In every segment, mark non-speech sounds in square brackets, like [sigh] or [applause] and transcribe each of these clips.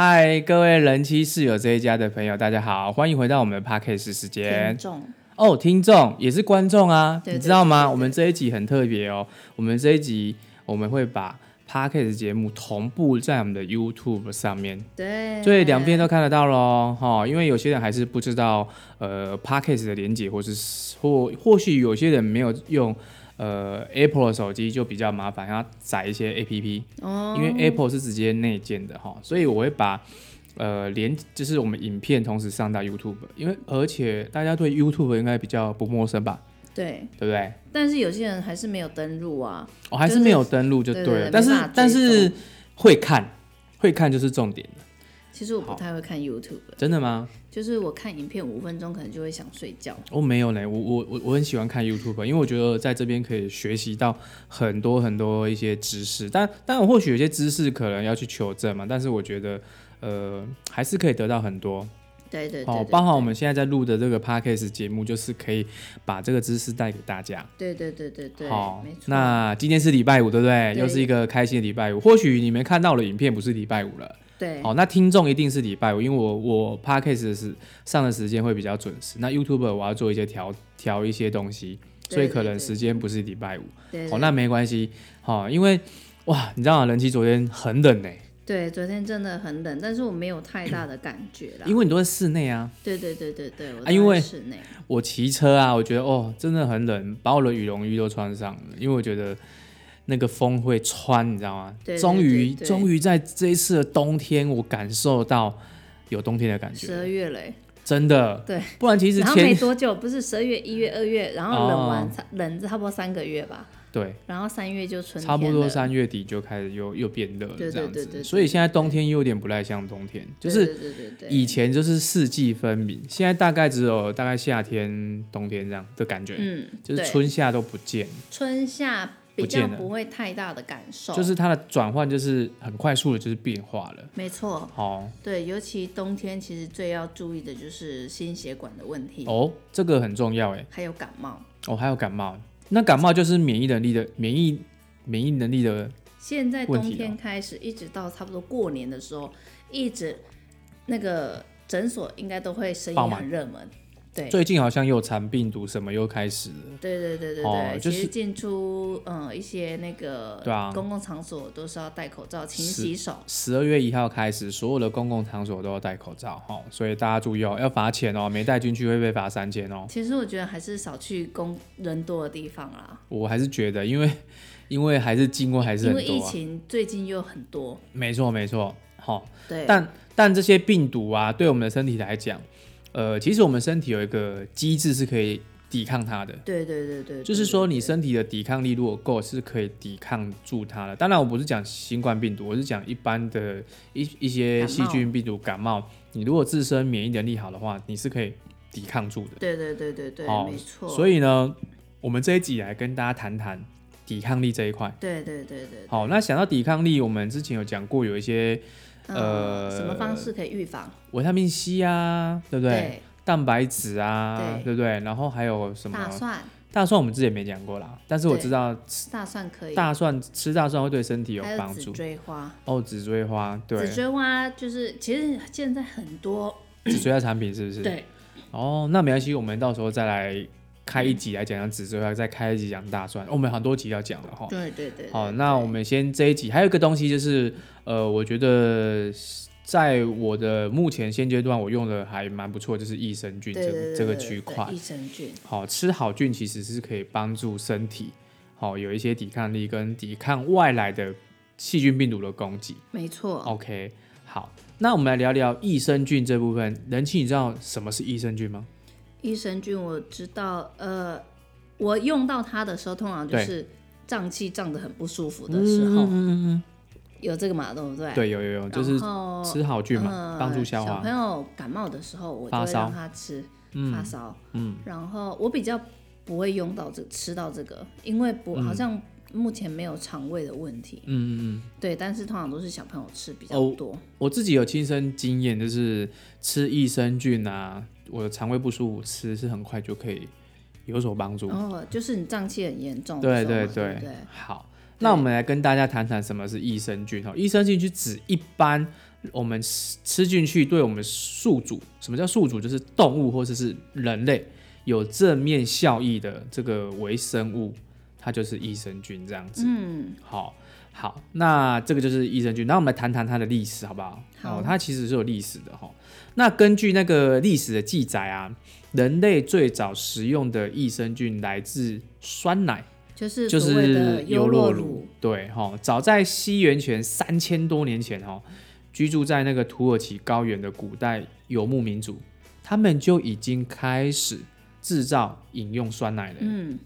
嗨，Hi, 各位人妻室友這一家的朋友，大家好，歡迎回到我們的 Podcast 時間哦，oh, 聽眾也是觀眾啊，對對對對對，你知道嗎？我們這一集很特別哦，我們這一集我們會把 Podcast 節目同步在我們的 YouTube 上面，對，所以兩邊都看得到嘍，哈對，因為有些人還是不知道呃 Podcast 的連結，或是或或許有些人沒有用。呃，Apple 的手機就比較麻煩，要載一些 APP，哦，因為 Apple 是直接內建的哈，所以我會把呃連就是我們影片，同時上到 YouTube，因為而且大家對 YouTube 應該比較不陌生吧？對，對不對？但是有些人還是沒有登錄啊，我，哦，還是沒有登錄就對了，就是，對對對，但是但是會看，會看就是重點。其實我不太會看 YouTube，真的嗎？就是我看影片五分鐘，可能就會想睡覺。我、哦、沒有嘞，我我我很喜歡看 YouTube，因為我覺得在這邊可以學習到很多很多一些知識。但但我或許有些知識可能要去求證嘛，但是我覺得呃還是可以得到很多。對對對，對對對，好，包含我們現在在錄的這個 Podcast 節目，就是可以把這個知識帶給大家。對對對對對，好。沒錯。那今天是禮拜五，對不對？對，又是一個開心的禮拜五。或許你們看到的影片不是禮拜五了。對，好、哦，那聽眾一定是禮拜五，因為我我 podcast 的是上的時間會比較準時。那 YouTube 我要做一些調調一些東西，對對對，所以可能時間不是禮拜五。對對對。哦，那沒關係，哈、哦，因為哇，你知道嗎、啊？人妻昨天很冷呢、欸。對，昨天真的很冷，但是我沒有太大的感覺了， [coughs] 因為你都在室內啊。對對對對對，我在室內。啊、我騎車啊，我覺得哦，真的很冷，把我的羽絨衣都穿上了，因為我覺得。那個風會穿，你知道嗎？對，終於，終於在這一次的冬天，我感受到有冬天的感覺。十二月嘞，真的，對，不然其實前然後沒多久不是十二月、一月、二月，然後冷完冷差不多三個月吧。對，然後三月就春，差不多三月底就開始又又變熱了，這樣子。對對對。所以現在冬天又有點不太像冬天，就是以前就是四季分明，現在大概只有大概夏天、冬天這樣的感覺。嗯，就是春夏都不見。春夏。比較不會太大的感受，就是它的轉換就是很快速的，就是變化了。沒錯，好、哦、對，尤其冬天其實最要注意的就是心血管的問題哦，這個很重要哎，還有感冒哦，還有感冒，那感冒就是免疫能力的，免疫免疫能力的、哦。現在冬天開始一直到差不多過年的時候，一直那個診所應該都會生意很熱門。最近好像又查病毒什麼又開始，對對對對對，哦、就是進出嗯一些那個公共場所都是要戴口罩、勤、啊、洗手。十二月一號開始，所有的公共場所都要戴口罩哈、哦，所以大家注意哦，要罰錢哦，沒帶進去會被罰三千哦。其實我覺得還是少去工人多的地方啦。我還是覺得，因為因為還是境外還是、啊、因為疫情最近又很多。沒錯沒錯，好、哦。對。但但這些病毒啊，對我們的身體來講。呃，其實我們身體有一個機制是可以抵抗它的，對對對對，就是說你身體的抵抗力如果夠，對對對對，是可以抵抗住它的。當然我不是講新冠病毒，我是講一般的一一些細菌病毒感冒，感冒，你如果自身免疫能力好的話，你是可以抵抗住的。對對對對對，好，沒錯。所以呢，我們這一集來跟大家談談抵抗力這一塊。對對，對對對對。好，那想到抵抗力，我們之前有講過有一些。呃，什麼方式可以預防？維他命 C 啊，對不對？蛋白質啊，對不對？然後還有什麼？大蒜。大蒜我們之前沒講過啦，但是我知道吃大蒜可以。大蒜吃大蒜會對身體有幫助。還有紫錐花。哦，紫錐花。對。紫錐花就是，其實現在很多紫錐的產品是不是？對。哦，那沒關係，我們到時候再來。開一集來講講紫蘇，再開一集講大蒜。我們很多集要講了哈。對對對、對。好，那我們先這一集。還有一個東西就是，呃，我覺得在我的目前現階段，我用的還蠻不錯，就是益生菌這個對對對對對，這個區塊。益生菌。好，吃好菌其實是可以幫助身體，好有一些抵抗力跟抵抗外來的細菌病毒的攻擊。沒錯錯。OK，好，那我們來聊聊益生菌這部分。人妻，你知道什麼是益生菌嗎？益生菌，我知道，呃，我用到它的時候，通常就是脹氣脹的很不舒服的時候。嗯嗯嗯嗯，有這個嘛，對不對？對，有有有，然後，就是吃好菌嘛，幫助、嗯、消化。小朋友感冒的時候，我就會讓他吃，發燒，發燒，嗯，然後我比較不會用到這、嗯、吃到這個，因為不好像目前沒有腸胃的問題，嗯嗯嗯，對。但是通常都是小朋友吃比較多。Oh, 我自己有親身經驗，就是吃益生菌啊。我的腸胃不舒服，吃是很快就可以有所幫助。哦，就是你脹氣很嚴重。對對對，對對好，對那我們來跟大家談談什麼是益生菌哈。益生菌就指一般我們吃進去對我們宿主，什麼叫宿主？就是動物或者是人類有正面效益的這個微生物，它就是益生菌這樣子。嗯，好，好，那這個就是益生菌。那我們來談談它的歷史，好不好？好、哦，它其實是有歷史的哈。那根據那個歷史的記載啊，人類最早食用的益生菌來自酸奶，就是就是優酪乳。對吼，哦，早在西元前三千多年前，哦，居住在那個土耳其高原的古代游牧民族，他們就已經開始製造飲用酸奶了。嗯。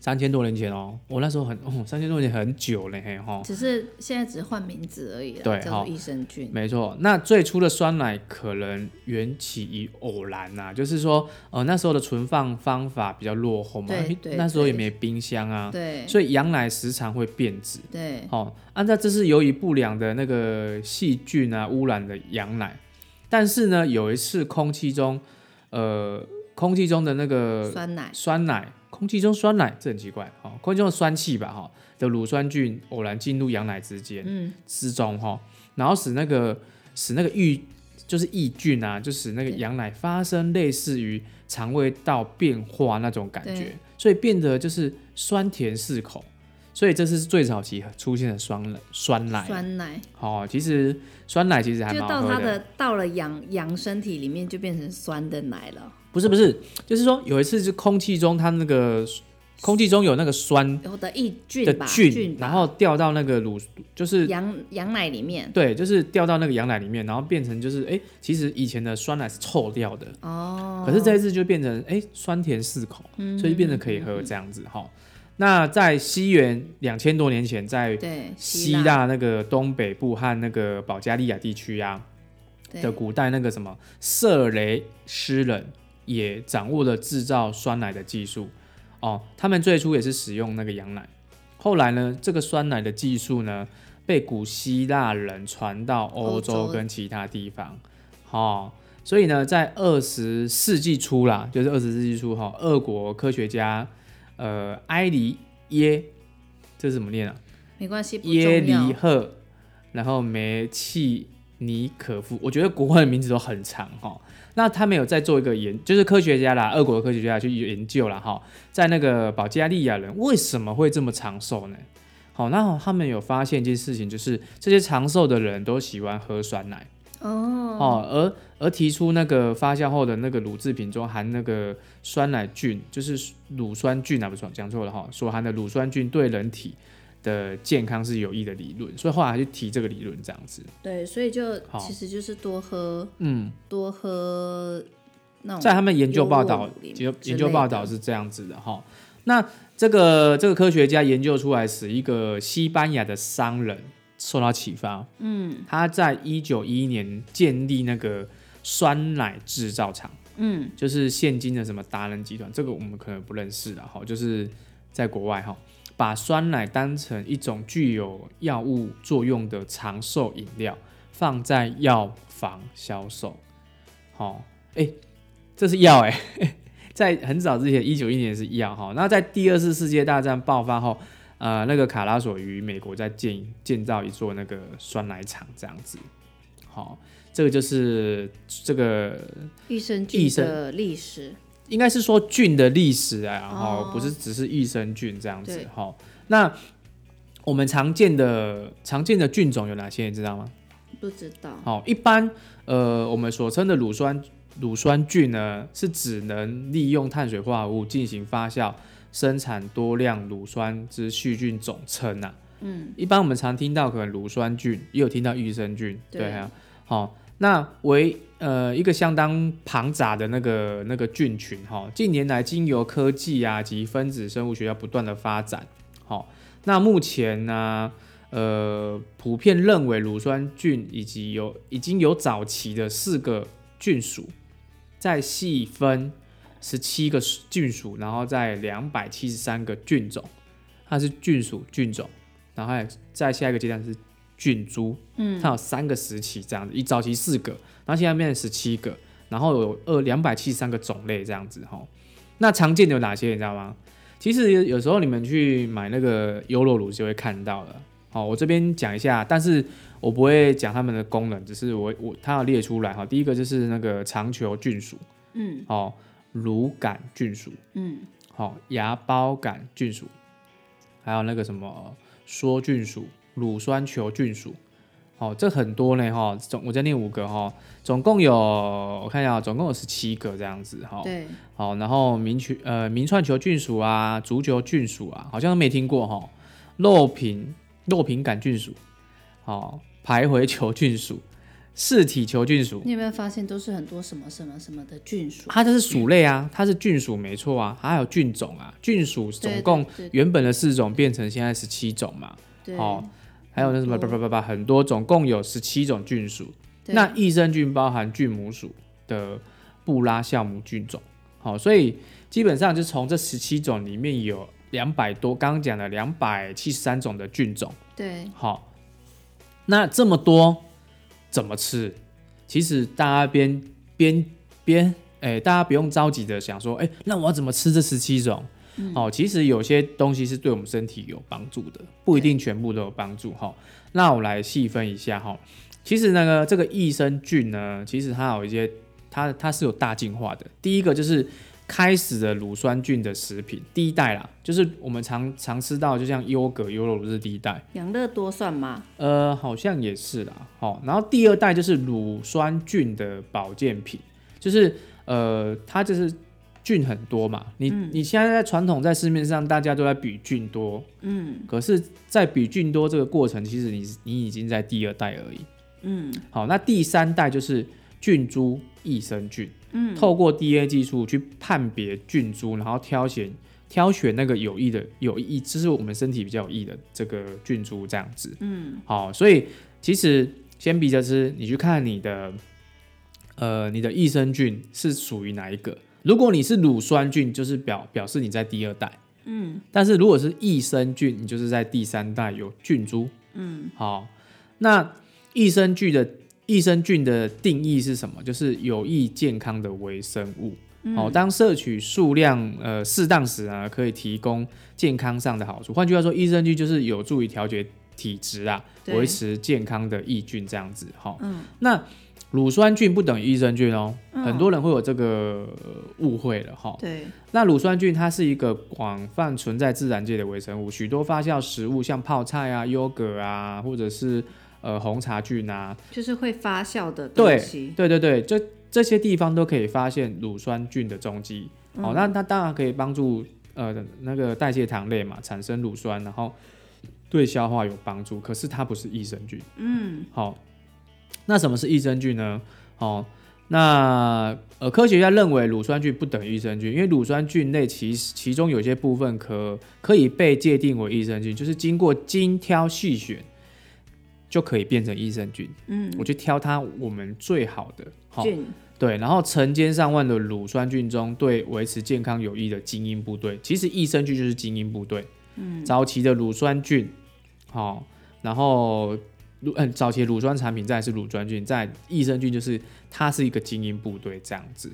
三千多年前哦，我、哦、那時候很，哦，三千多年前很久了嘿，哈。只是現在只是換名字而已。對，哈。益生菌，沒錯。那最初的酸奶可能緣起於偶然吶、啊，就是說，呃，那時候的存放方法比較落後嘛，對對。對對那時候也沒冰箱啊。對。所以羊奶時常會變質。對。哦，按、啊、照這是由於不良的那個細菌啊汙染的羊奶，但是呢，有一次空氣中，呃，空氣中的那個酸奶，酸奶。空氣中酸奶，這很奇怪、哦、空氣中的酸氣吧哈、哦、的乳酸菌偶然進入羊奶之間嗯之中哈，然後使那個使那個益，就是益菌啊，就使那個羊奶發生類似於腸胃道變化那種感覺，對所以變得就是酸甜適口，所以這是最早期出現的酸奶。酸奶，酸奶哦，其實酸奶其實還蠻好喝的，就到它的到了羊羊身體裡面就變成酸的奶了。不是不是，就是說有一次是空氣中它那個空氣中有那個酸，的菌，的菌，菌然後掉到那個乳，就是羊羊奶裡面，對，就是掉到那個羊奶裡面，然後變成就是哎，其實以前的酸奶是臭掉的哦，可是這一次就變成哎酸甜適口，嗯、所以變成可以喝這樣子哈。嗯嗯、那在西元兩千多年前，在希臘那個東北部和那個保加利亞地區呀、啊、的古代那個什麼對色雷斯人。也掌握了製造酸奶的技術，哦，他們最初也是使用那個羊奶，後來呢，這個酸奶的技術呢被古希臘人傳到歐洲跟其他地方，洲哦。所以呢，在二十世紀初啦，就是二十世紀初哈，俄國科學家呃，埃里耶，這是怎麼念啊？沒關係，耶尼赫，然後梅契尼可夫，我覺得國外的名字都很長哈。那他們有在做一個研，就是科學家啦，俄國的科學家去研究了哈，在那個保加利亞人為什麼會這麼長壽呢？好，那他們有發現一件事情，就是這些長壽的人都喜歡喝酸奶哦，而而提出那個發酵後的那個乳製品中含那個酸奶菌，就是乳酸菌啊，不算講錯了哈，所含的乳酸菌對人體。的健康是有益的理論，所以後來就提這個理論這樣子。對，所以就好其實就是多喝，嗯，多喝。在他們研究報道、研究報道是這樣子的哈。那這個這個科學家研究出來是一個西班牙的商人受到啟發，嗯，他在一九一一年建立那個酸奶製造廠，嗯，就是現今的什麼達能集團，這個我們可能不認識了哈，就是在國外哈。把酸奶當成一種具有藥物作用的長壽飲料，放在藥房銷售。好、喔，哎、欸，這是藥哎、欸， [laughs] 在很早之前，一九一一年是藥哈。那、喔、在第二次世界大戰爆發後，呃，那個卡拉索與美國在建建造一座那個酸奶廠，這樣子。好、喔，這個就是這個益生菌的歷史。應該是說菌的歷史啊，然後、哦哦、不是只是益生菌這樣子哈對、哦。那我們常見的常見的菌種有哪些？你知道嗎？不知道。好、哦，一般呃，我們所稱的乳酸乳酸菌呢，是只能利用碳水化合物進行發酵，生產多量乳酸之細菌總稱啊。嗯。一般我們常聽到可能乳酸菌，也有聽到益生菌，對，對啊。好、哦。那為呃一個相當龐雜的那個那個菌群哈，近年來經由科技啊及分子生物學要不斷的發展，好，那目前呢、啊、呃普遍認為乳酸菌以及有已經有早期的四個菌屬，再細分十七個菌屬，然後在兩百七十三個菌種，它是菌屬菌種，然後在下一個階段是。菌株，它有三個時期這樣子，一早期四個，然後現在變成十七個，然後有二兩百七十三個種類這樣子哈。那常見的有哪些，你知道嗎？其實有時候你們去買那個優酪乳就會看到了。好，我這邊講一下，但是我不會講它們的功能，只是我我它要列出來哈。第一個就是那個腸球菌屬，嗯，哦，乳桿菌屬，嗯，好，芽孢桿菌屬，還有那個什麼梭菌屬。乳酸球菌屬，哦，這很多呢哈、哦，總我再念五個哈、哦，總共有我看一下，總共有十七個這樣子哈。對，好、哦，然後明球呃明串球菌屬啊，足球菌屬啊，好像都沒聽過哈、哦。肉品、肉品桿菌屬，排、哦、徘徊球菌屬，四體球菌屬。你有沒有發現都是很多什麼什麼什麼的菌屬？它這是屬類啊，對它是菌屬沒錯啊，它還有菌種啊，菌屬總共原本的四種變成現在十七種嘛。對，好。哦嗯、還有那什麼，叭叭叭叭，很多種，共有十七種菌屬。對那益生菌包含菌母屬的布拉酵母菌種。好，所以基本上就從這十七種裡面有兩百多，剛剛講的兩百七十三種的菌種。對，好，那這麼多怎麼吃？其實大家邊邊邊，哎、欸，大家不用着急的想說，哎、欸，那我要怎麼吃這十七種？哦，嗯、其實有些東西是對我們身體有幫助的，不一定全部都有幫助哈對。那我來細分一下哈。其實那個這個益生菌呢，其實它有一些，它它是有大進化的。第一個就是開始的乳酸菌的食品，第一代啦，就是我們常常吃到，就像優格、優酪乳是第一代。養樂多算嗎？呃，好像也是啦。好，然後第二代就是乳酸菌的保健品，就是呃，它就是。菌很多嘛，你、嗯、你現在在傳統在市面上，大家都在比菌多，嗯，可是，在比菌多這個過程，其實你你已經在第二代而已，嗯，好，那第三代就是菌株益生菌，嗯，透過 DNA 技術去判別菌株，然後挑選挑選那個有益的有益，這、就是我們身體比較有益的這個菌株這樣子，嗯，好，所以其實先比較之，你去看你的，呃，你的益生菌是屬於哪一個。如果你是乳酸菌，就是表表示你在第二代，嗯，但是如果是益生菌，你就是在第三代有菌株，嗯，好、哦，那益生菌的益生菌的定義是什麼？就是有益健康的微生物，好、嗯哦，當攝取數量呃適當時啊，可以提供健康上的好處。換句話說，益生菌就是有助於調節體質啊，維對持健康的益菌這樣子，哈、哦，嗯，那。乳酸菌不等於益生菌哦，嗯、很多人會有這個誤會了哈。對那乳酸菌它是一個廣泛存在自然界的微生物，許多發酵食物像泡菜啊、優格啊，或者是呃紅茶菌啊，就是會發酵的東西。對，對對對這這些地方都可以發現乳酸菌的蹤跡。哦、嗯喔，那它當然可以幫助呃那個代謝糖類嘛，產生乳酸，然後對消化有幫助。可是它不是益生菌。嗯，好、喔。那什麼是益生菌呢？哦，那呃，科學家認為乳酸菌不等於益生菌，因為乳酸菌類其其中有些部分可可以被界定為益生菌，就是經過精挑細選就可以變成益生菌。嗯，我就挑它我們最好的、哦、菌，對，然後成千上萬的乳酸菌中，對維持健康有益的精英部隊，其實益生菌就是精英部隊。嗯，早期的乳酸菌，好、哦，然後。乳嗯，早期乳酸產品，再是乳酸菌，在益生菌就是它是一個精英部隊這樣子。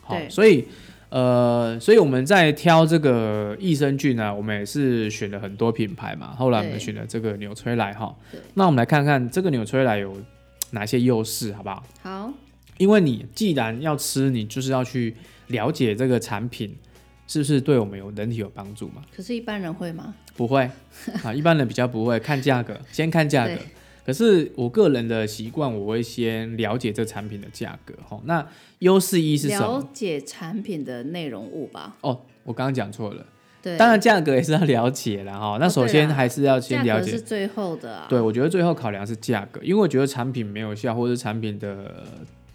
好對、哦，所以呃，所以我們在挑這個益生菌呢、啊，我們也是選了很多品牌嘛。後來我們選了這個紐崔萊哈。哦、對那我們來看看這個紐崔萊有哪些優勢，好不好？好，因為你既然要吃，你就是要去了解這個產品是不是對我們有人體有幫助嘛？可是一般人會嗎？不會啊，一般人比較不會 [laughs] 看價格，先看價格。可是我個人的習慣，我會先了解這產品的價格哈。那優勢一是什麼？了解產品的內容物吧。哦，我剛剛講錯了。對，當然價格也是要了解啦哈。那首先還是要先了解。價格是最後的啊。對，我覺得最後考量是價格，因為我覺得產品沒有效，或者是產品的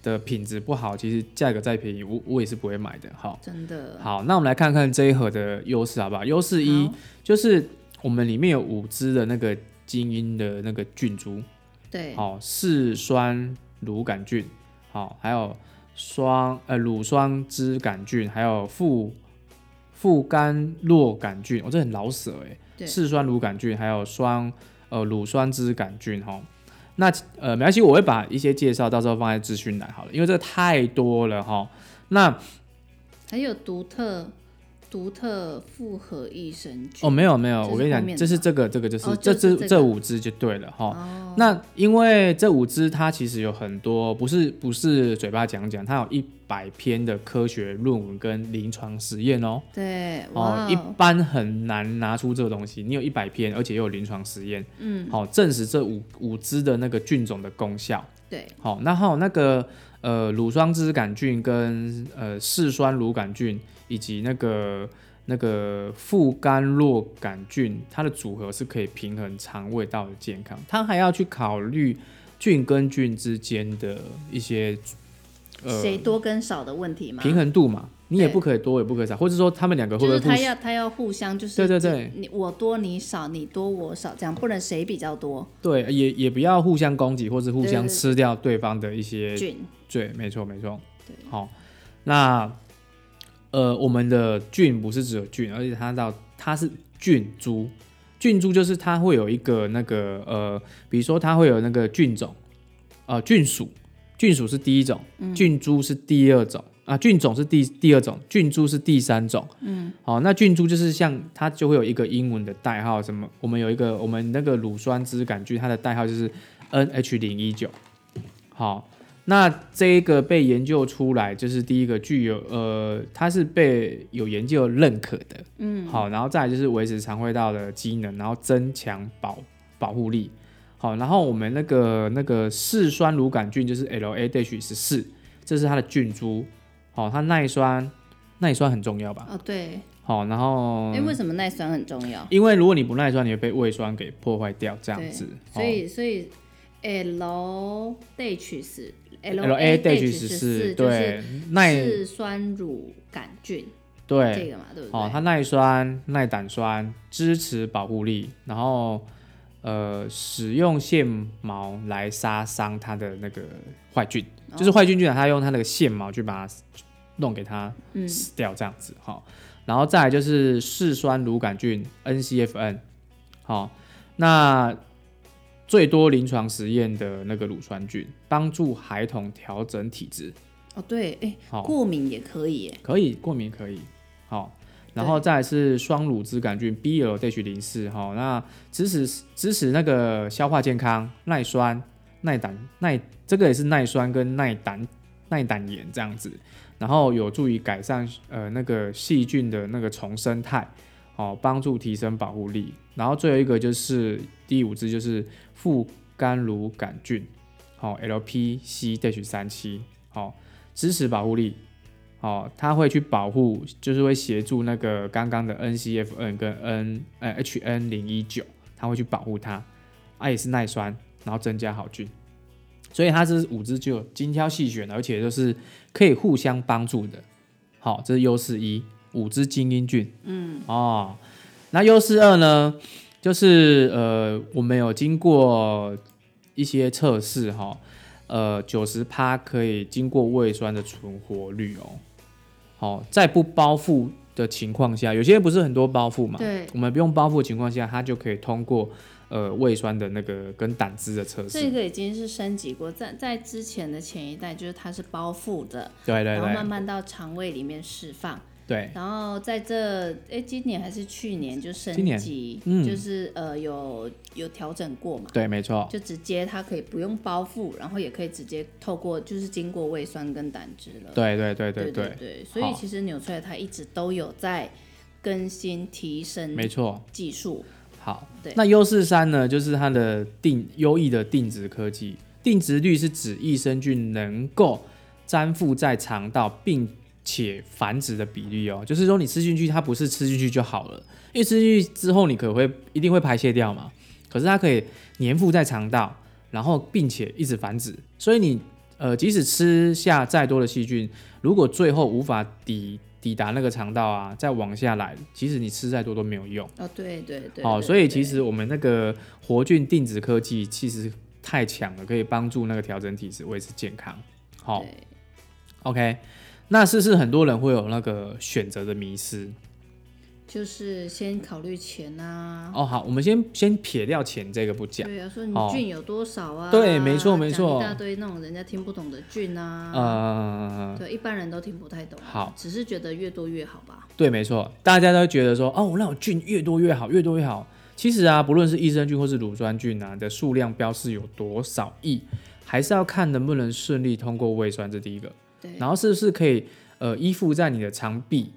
的品質不好，其實價格再便宜，我我也是不會買的哈。真的。好，那我們來看看這一盒的優勢好不好？優勢一就是我們裡面有五支的那個。精英的那個菌株，對哦、哦、嗜酸乳桿菌，好，還有雙呃乳酸支桿菌，還有副副乾酪桿菌，我、哦、這很老舍哎、欸，嗜對酸乳桿菌，還有雙呃乳酸支桿菌，哈、哦，那呃，沒關係，我會把一些介紹，到時候放在資訊欄好了，因為這太多了哈、哦。那還有獨特。獨特複合益生菌哦，沒有沒有，我跟你講、這個這個就是哦，就是這個這個就是這這這五支就對了哈。哦、那因為這五支它其實有很多，不是不是嘴巴講講，它有一百篇的科學論文跟臨床實驗哦、喔。對哦，一般很難拿出這個東西，你有一百篇，而且又有臨床實驗，嗯，好證實這五五支的那個菌種的功效。對，好，那還有那個呃乳雙歧桿菌跟呃嗜酸乳桿菌。以及那個那個副乾酪桿菌，它的組合是可以平衡腸胃道的健康。它還要去考慮菌跟菌之間的一些，呃，誰多跟少的問題嘛，平衡度嘛，你也不可以多，也不可以少，對或者說他們兩個或者他要他要互相就是對對對，你我多你少，你多我少這樣，不能誰比較多。對，也也不要互相攻擊，或者互相吃掉對方的一些菌。對，沒錯沒錯。對。好、哦，那。呃，我們的菌不是只有菌，而且它到，它是菌株。菌株就是它會有一個那個呃，比如說它會有那個菌種呃，菌屬，菌屬是第一種，嗯、菌株是第二種啊，菌種是第第二種，菌株是第三種。嗯，好，那菌株就是像它就會有一個英文的代號，什麼？我們有一個我們那個乳酸枝桿菌，它的代號就是 N H 零一九。好。那這一個被研究出來，就是第一個具有呃，它是被有研究認可的，嗯，好，然後再來就是維持腸胃道的機能，然後增強保保護力，好，然後我們那個那個嗜酸乳桿菌就是 LA-DH14，這是它的菌株，好、哦，它耐酸，耐酸很重要吧？哦，對，好，然後，哎，為什麼耐酸很重要？因為如果你不耐酸，你會被胃酸給破壞掉，這樣子。所以、哦、所以 LA-DH14。L A 14是對耐酸乳桿菌，對，對哦，對對它耐酸、耐膽酸，支持保護力。然後，呃，使用線毛來殺傷它的那個壞菌，Okay. 就是壞菌菌啊，它用它那個線毛去把它弄給它死掉，這樣子好、嗯哦，然後再來就是嗜酸乳桿菌 NCFN，好、哦、那。最多臨床實驗的那個乳酸菌，幫助孩童調整體質。哦，對，哎、欸，好、哦，過敏也可以，可以過敏可以。好、哦，對然後再來是雙乳汁桿菌 B. L. 零四，哈、哦，那支持支持那個消化健康，耐酸耐膽耐，這個也是耐酸跟耐膽耐膽鹽這樣子，然後有助於改善呃那個細菌的那個重生態。好，幫助提升保護力。然後最後一個就是第五支，就是副乾乳桿菌，好 LPC-37，好、喔、支持保護力。好、喔，它會去保護，就是會協助那個剛剛的 NCFN 跟 N 呃 HN 零一九，它會去保護它。它、啊、也是耐酸，然後增加好菌。所以它這五支就精挑細選，而且都是可以互相幫助的。好、喔，這是優勢一。五隻精英菌，嗯哦，那 U 四二呢？就是呃，我們有經過一些測試哈，呃，九十趴可以經過胃酸的存活率哦。好，哦，在不包覆的情況下，有些不是很多包覆嘛？對，我們不用包覆的情況下，它就可以通過呃胃酸的那個跟膽汁的測試。這個已經是升級過，在在之前的前一代，就是它是包覆的，對，對對，然後慢慢到腸胃裡面釋放。對，然後在這哎，今年還是去年就升級，嗯，就是呃有有調整過嘛？對，沒錯，就直接它可以不用包覆，然後也可以直接透過就是經過胃酸跟膽汁了。對對對對對對。對對對所以其實紐崔萊它一直都有在更新提升技，沒錯，技術。好，對。那優勢三呢，就是它的定優異的定植科技，定植率是指益生菌能夠粘附在腸道並且繁殖的比例哦、喔，就是說你吃進去，它不是吃進去就好了，因為吃進去之後你可會一定會排泄掉嘛。可是它可以黏附在腸道，然後並且一直繁殖，所以你呃即使吃下再多的細菌，如果最後無法抵抵達那個腸道啊，再往下來，其實你吃再多都沒有用哦。對對對，對，對。哦、喔，所以其實我們那個活菌定植科技其實太強了，可以幫助那個調整體質、維持健康。好、喔、對，OK。那是是很多人會有那個選擇的迷思，就是先考慮錢啊。哦，好，我們先先撇掉錢這個不講。對啊，說你菌有多少啊？哦、對，沒錯沒錯，一大堆那種人家聽不懂的菌啊，啊、呃，對，一般人都聽不太懂。好，只是覺得越多越好吧？對，沒錯，大家都會覺得說，哦，那種菌越多越好，越多越好。其實啊，不論是益生菌或是乳酸菌啊的數量標示有多少億，還是要看能不能順利通過胃酸，這第一個。對然後是不是可以呃依附在你的腸壁，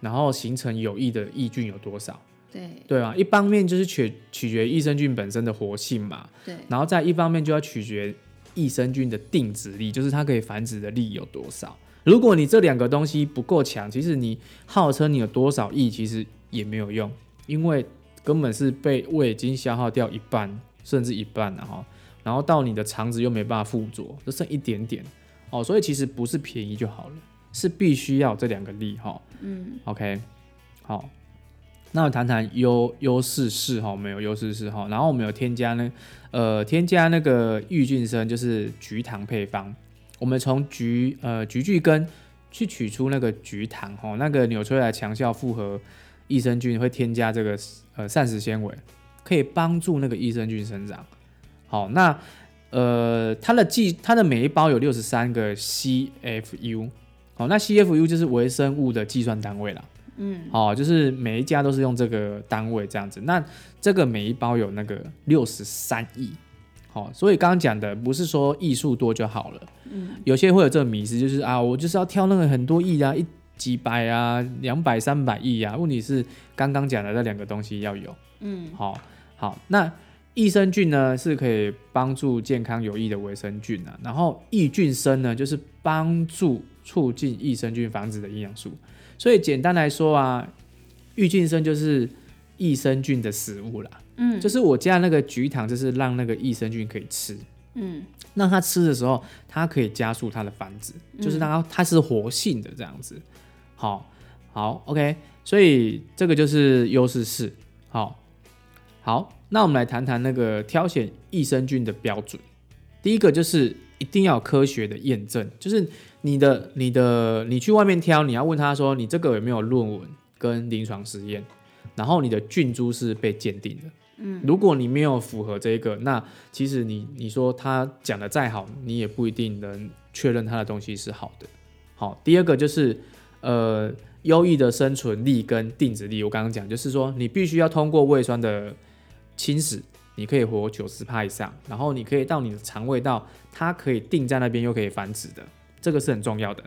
然後形成有益的益菌有多少？對對啊，一方面就是取取決於益生菌本身的活性嘛，對，然後再一方面就要取決益生菌的定殖力，就是它可以繁殖的力有多少。如果你這兩個東西不夠強，其實你號稱你有多少億，其實也沒有用，因為根本是被胃已經消耗掉一半甚至一半，然後然後到你的腸子又沒辦法附着，就剩一點點。哦，所以其實不是便宜就好了，是必須要這兩個力哈。哦、嗯，OK，好，那我談談優優勢是哈，我們有優勢是哈，然後我們有添加呢，呃，添加那個益菌生就是菊糖配方，我們從菊呃菊苣根去取出那個菊糖哈、哦，那個紐崔萊強效複合益生菌會添加這個呃膳食纖維，可以幫助那個益生菌生長。好，那。呃，它的計它的每一包有六十三個 CFU，哦，那 CFU 就是微生物的計算單位啦。嗯，哦，就是每一家都是用這個單位這樣子。那這個每一包有那個六十三億，好、哦，所以剛剛講的不是說億數多就好了，嗯，有些會有這個迷思，就是啊，我就是要挑那個很多億啊，一幾百啊，兩百三百億啊。問題是剛剛講的那兩個東西要有，嗯，好、哦，好，那。益生菌呢是可以幫助健康有益的維生菌呢、啊，然後益菌生呢就是幫助促進益生菌繁殖的營養素，所以簡單來說啊，益菌生就是益生菌的食物啦，嗯，就是我加那個菊糖就是讓那個益生菌可以吃，嗯，讓它吃的時候它可以加速它的繁殖，就是讓它它是活性的這樣子，好，好，OK，所以這個就是優勢四，好好。那我們來談談那個挑選益生菌的標準。第一個就是一定要科學的驗證，就是你的、你的、你去外面挑，你要問他說你這個有沒有論文跟臨床實驗，然後你的菌株是被鑑定的。嗯，如果你沒有符合這個，那其實你你說他講得再好，你也不一定能確認他的東西是好的。好，第二個就是呃，優異的生存力跟定植力。我剛剛講就是說，你必須要通過胃酸的。侵蝕，你可以活九十趴以上，然後你可以到你的腸胃道，它可以定在那邊又可以繁殖的，這個是很重要的。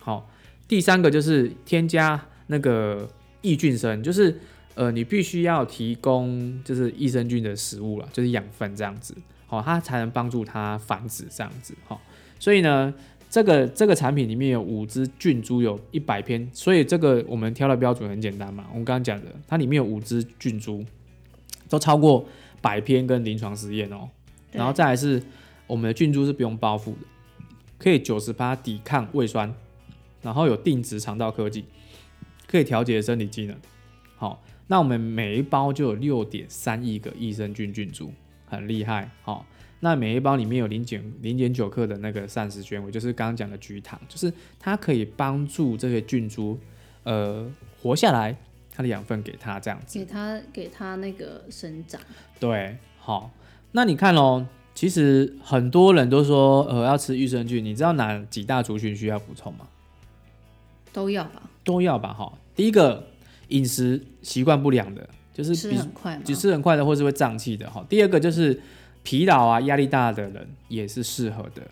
好、哦，第三個就是添加那個益菌生，就是呃你必須要提供就是益生菌的食物了，就是養分這樣子，好、哦，它才能幫助它繁殖這樣子。好、哦，所以呢，這個這個產品裡面有五隻菌株，有一百片。所以這個我們挑的標準很簡單嘛，我們剛剛講的，它裡面有五隻菌株。都超過百篇跟臨床實驗哦，然後再來是我們的菌株是不用包覆的，可以九十趴抵抗胃酸，然後有定植腸道科技，可以調節生理機能。好，那我們每一包就有六點三億個益生菌菌株，很厲害。好，那每一包裡面有零點零點九克的那個膳食纖維，就是剛剛講的菊糖，就是它可以幫助這些菌株呃活下來他的養分給他這樣子，給他給他那個生長。對，好，那你看哦、喔，其實很多人都說，呃，要吃益生菌。你知道哪幾大族群需要補充嗎？都要吧，都要吧。哈，第一個飲食習慣不良的，就是比吃很，只吃很快的，或是會脹氣的。哈，第二個就是疲勞啊、壓力大的人也是適合的。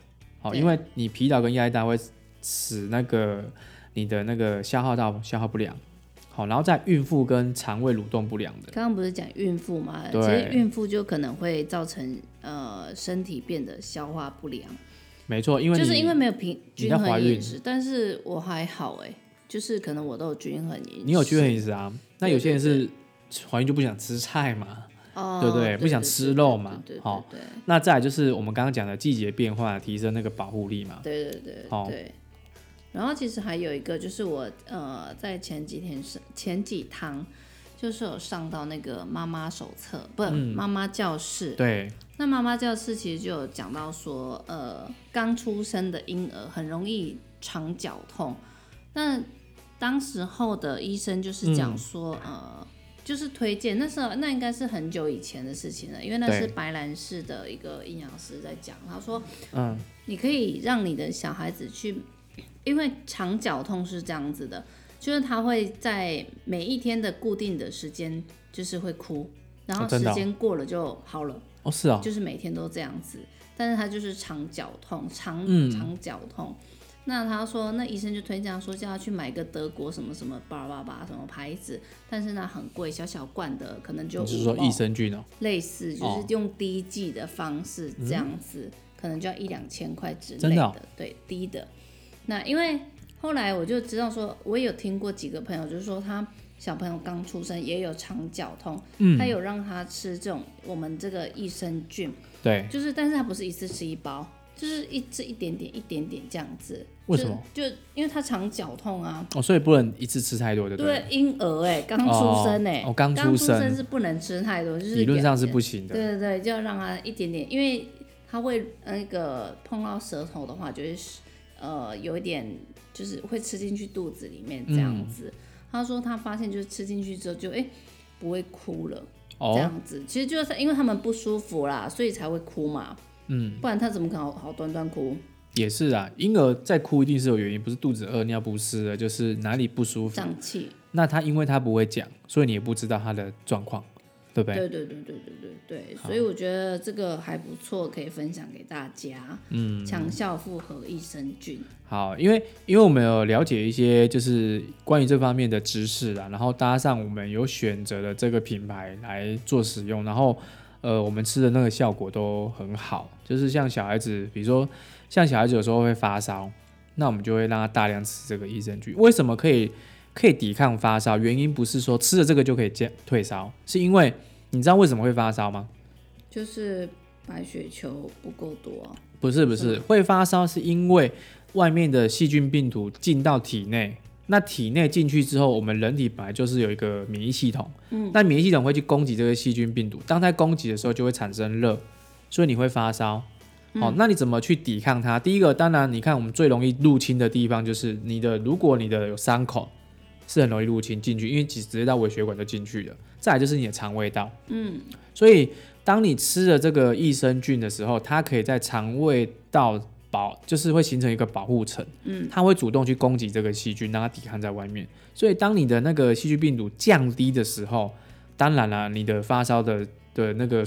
好，對因為你疲勞跟壓力大會使那個你的那個消耗到消耗不良。好、哦，然後在孕婦跟腸胃蠕動不良的。剛剛不是講孕婦嗎？對，其實孕婦就可能會造成呃身體變得消化不良。沒錯，因為你就是因為沒有平均衡飲食。你在懷孕，但是我還好哎、欸，就是可能我都有均衡飲食。你有均衡飲食啊？對對對那有些人是懷孕就不想吃菜嘛，哦、對不對,對,對？不想吃肉嘛？好，那再來就是我們剛剛講的季節變化，提升那個保護力嘛。對對,對對對，好、哦。對對對對然後其實還有一個就是我呃，在前幾天是，前幾堂，就是有上到那個媽媽手冊，不，媽媽教室。嗯、對。那媽媽教室其實就有講到說，呃，剛出生的嬰兒很容易腸絞痛。那當時候的醫生就是講說，嗯、呃，就是推薦那時候那應該是很久以前的事情了，因為那是白蘭氏的一個營養師在講，他說，嗯，你可以讓你的小孩子去。因為腸絞痛是這樣子的，就是他會在每一天的固定的時間，就是會哭，然後時間過了就好了。哦，哦，哦，是啊、哦，就是每天都這樣子。但是他就是腸絞痛，腸腸絞痛。那他說，那醫生就推薦他說叫他去買個德國什麼什麼巴巴巴什麼牌子，但是那很貴，小小罐的可能就。就是說益生菌呢、哦？類似，就是用滴劑的方式、哦、這樣子，可能就要一兩千塊之類的。真的、哦，對，滴的。那因為後來我就知道，說我也有聽過幾個朋友，就是說他小朋友剛出生也有腸絞痛，嗯、他有讓他吃這種我們這個益生菌，對，就是，但是他不是一次吃一包，就是一吃一點點一點點這樣子，為什麼？就因為他腸絞痛啊，哦，所以不能一次吃太多對，對對對，嬰兒哎、欸，剛出生哎、欸，哦，剛出、出生是不能吃太多，就是理論上是不行的，對對對，就要讓他一點點，因為他會那個碰到舌頭的話就會。呃，有一點就是會吃進去肚子裡面這樣子。嗯、他說他發現就是吃進去之後就哎、欸、不會哭了這樣子。哦、其實就是因為他們不舒服啦，所以才會哭嘛。嗯，不然他怎麼可能好端端哭？也是啊，嬰兒在哭一定是有原因，不是肚子餓、尿不濕的，就是哪裡不舒服。脹氣。那他因為他不會講，所以你也不知道他的狀況。對對，對對對對對對對，好所以我覺得這個還不錯，可以分享給大家。嗯，強效複合益生菌。好，因為因為我們有了解一些就是關於這方面的知識啦，然後搭上我們有選擇的這個品牌來做使用，然後呃，我們吃的那個效果都很好。就是像小孩子，比如說像小孩子有時候會發燒，那我們就會讓他大量吃這個益生菌。為什麼可以可以抵抗發燒？原因不是說吃了這個就可以降退燒，是因為。你知道為什麼會發燒嗎？就是白血球不夠多、啊、不是不是，是嗎會發燒是因為外面的細菌病毒進到體內，那體內進去之後，我們人體本來就是有一個免疫系統，嗯，那免疫系統會去攻擊這個細菌病毒。當它攻擊的時候，就會產生熱，所以你會發燒。好、哦，嗯、那你怎麼去抵抗它？第一個，當然，你看我們最容易入侵的地方就是你的，如果你的有傷口。是很容易入侵進去，因為其實直接到微血管就進去了。再來就是你的腸胃道，嗯，所以當你吃了這個益生菌的時候，它可以在腸胃道保，就是會形成一個保護層，嗯，它會主動去攻擊這個細菌，讓它抵抗在外面。所以當你的那個細菌病毒降低的時候，當然了啊，你的發燒的的那個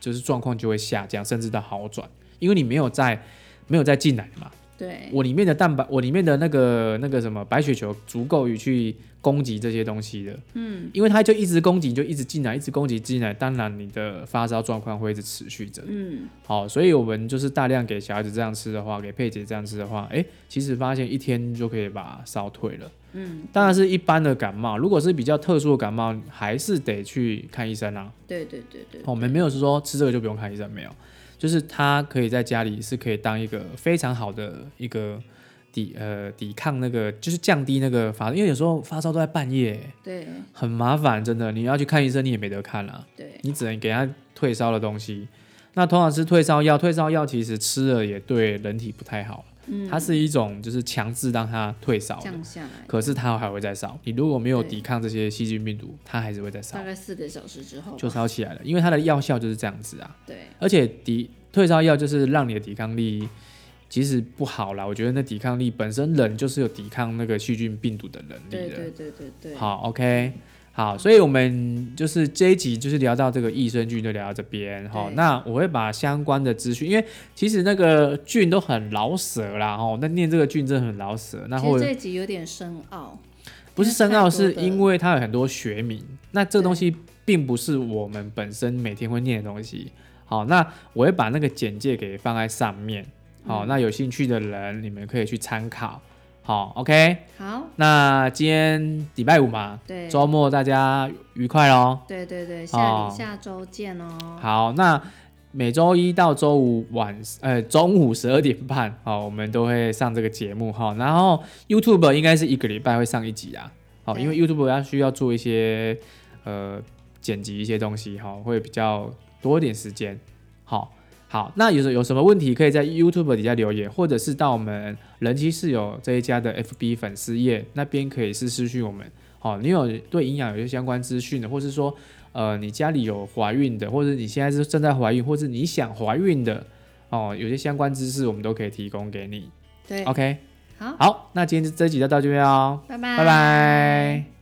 就是狀況就會下降，甚至到好轉，因為你沒有在沒有再進來的嘛。對，我裡面的蛋白，我裡面的那個那個什麼白血球足夠於去攻擊這些東西的。嗯，因為它就一直攻擊，就一直進來，一直攻擊進來，當然你的發燒狀況會一直持續着。嗯，好，所以我們就是大量給小孩子這樣吃的話，給佩姐這樣吃的話，哎，欸，其實發現一天就可以把燒退了。嗯，當然是一般的感冒，如果是比較特殊的感冒，還是得去看醫生啊。對，對對對對，我們沒有是說吃這個就不用看醫生，沒有。就是他可以在家裡，是可以當一個非常好的一個抵呃抵抗那個，就是降低那個發，因為有時候發燒都在半夜，對，很麻煩，真的，你要去看醫生你也沒得看了，對，你只能給他退燒的東西。那通常是退燒藥，退燒藥其實吃了也對人體不太好。嗯、它是一種，就是強制讓它退燒，可是它還會再燒。你如果沒有抵抗這些細菌病毒，對它還是會再燒。大概四個小時之後就燒起來了，因為它的藥效就是這樣子啊。對，而且抵退燒藥就是讓你的抵抗力其實不好了不好啦。我覺得那抵抗力本身冷，就是有抵抗那個細菌病毒的能力的。對，對對對對對。好，OK。好，所以，我們就是這一集，就是聊到這個益生菌，就聊到這邊哈對。那我會把相關的資訊，因為其實那個菌都很老舌啦哈。那念這個菌真的很老舌。那後面這一集有點深奧，不是深奧，是因為它有很多學名。那這個東西並不是我們本身每天會念的東西。好，那我會把那個簡介給放在上面。好，那有興趣的人，你們可以去參考。好，OK，好，okay? 好，那今天禮拜五嘛，對，周末大家愉快哦。對對對，下下周見哦。好，那每周一到周五晚，呃，中午十二點半，好、哦，我們都會上這個節目哈、哦。然後 YouTube 應該是一個禮拜會上一集啊，好、哦，對因為 YouTube 它需要做一些呃剪輯一些東西哈、哦，會比較多一點時間。好、哦。好，那有什有什麼問題，可以在 YouTube 底下留言，或者是到我們人妻室友這一家的 FB 粉絲頁那邊，可以是私訊我們。哦，你有對營養有些相關資訊的，或是說，呃，你家裡有懷孕的，或者你現在是正在懷孕，或者你想懷孕的，哦，有些相關知識，我們都可以提供給你。對，OK，好，好，那今天這這集就到這邊哦，拜拜，拜拜。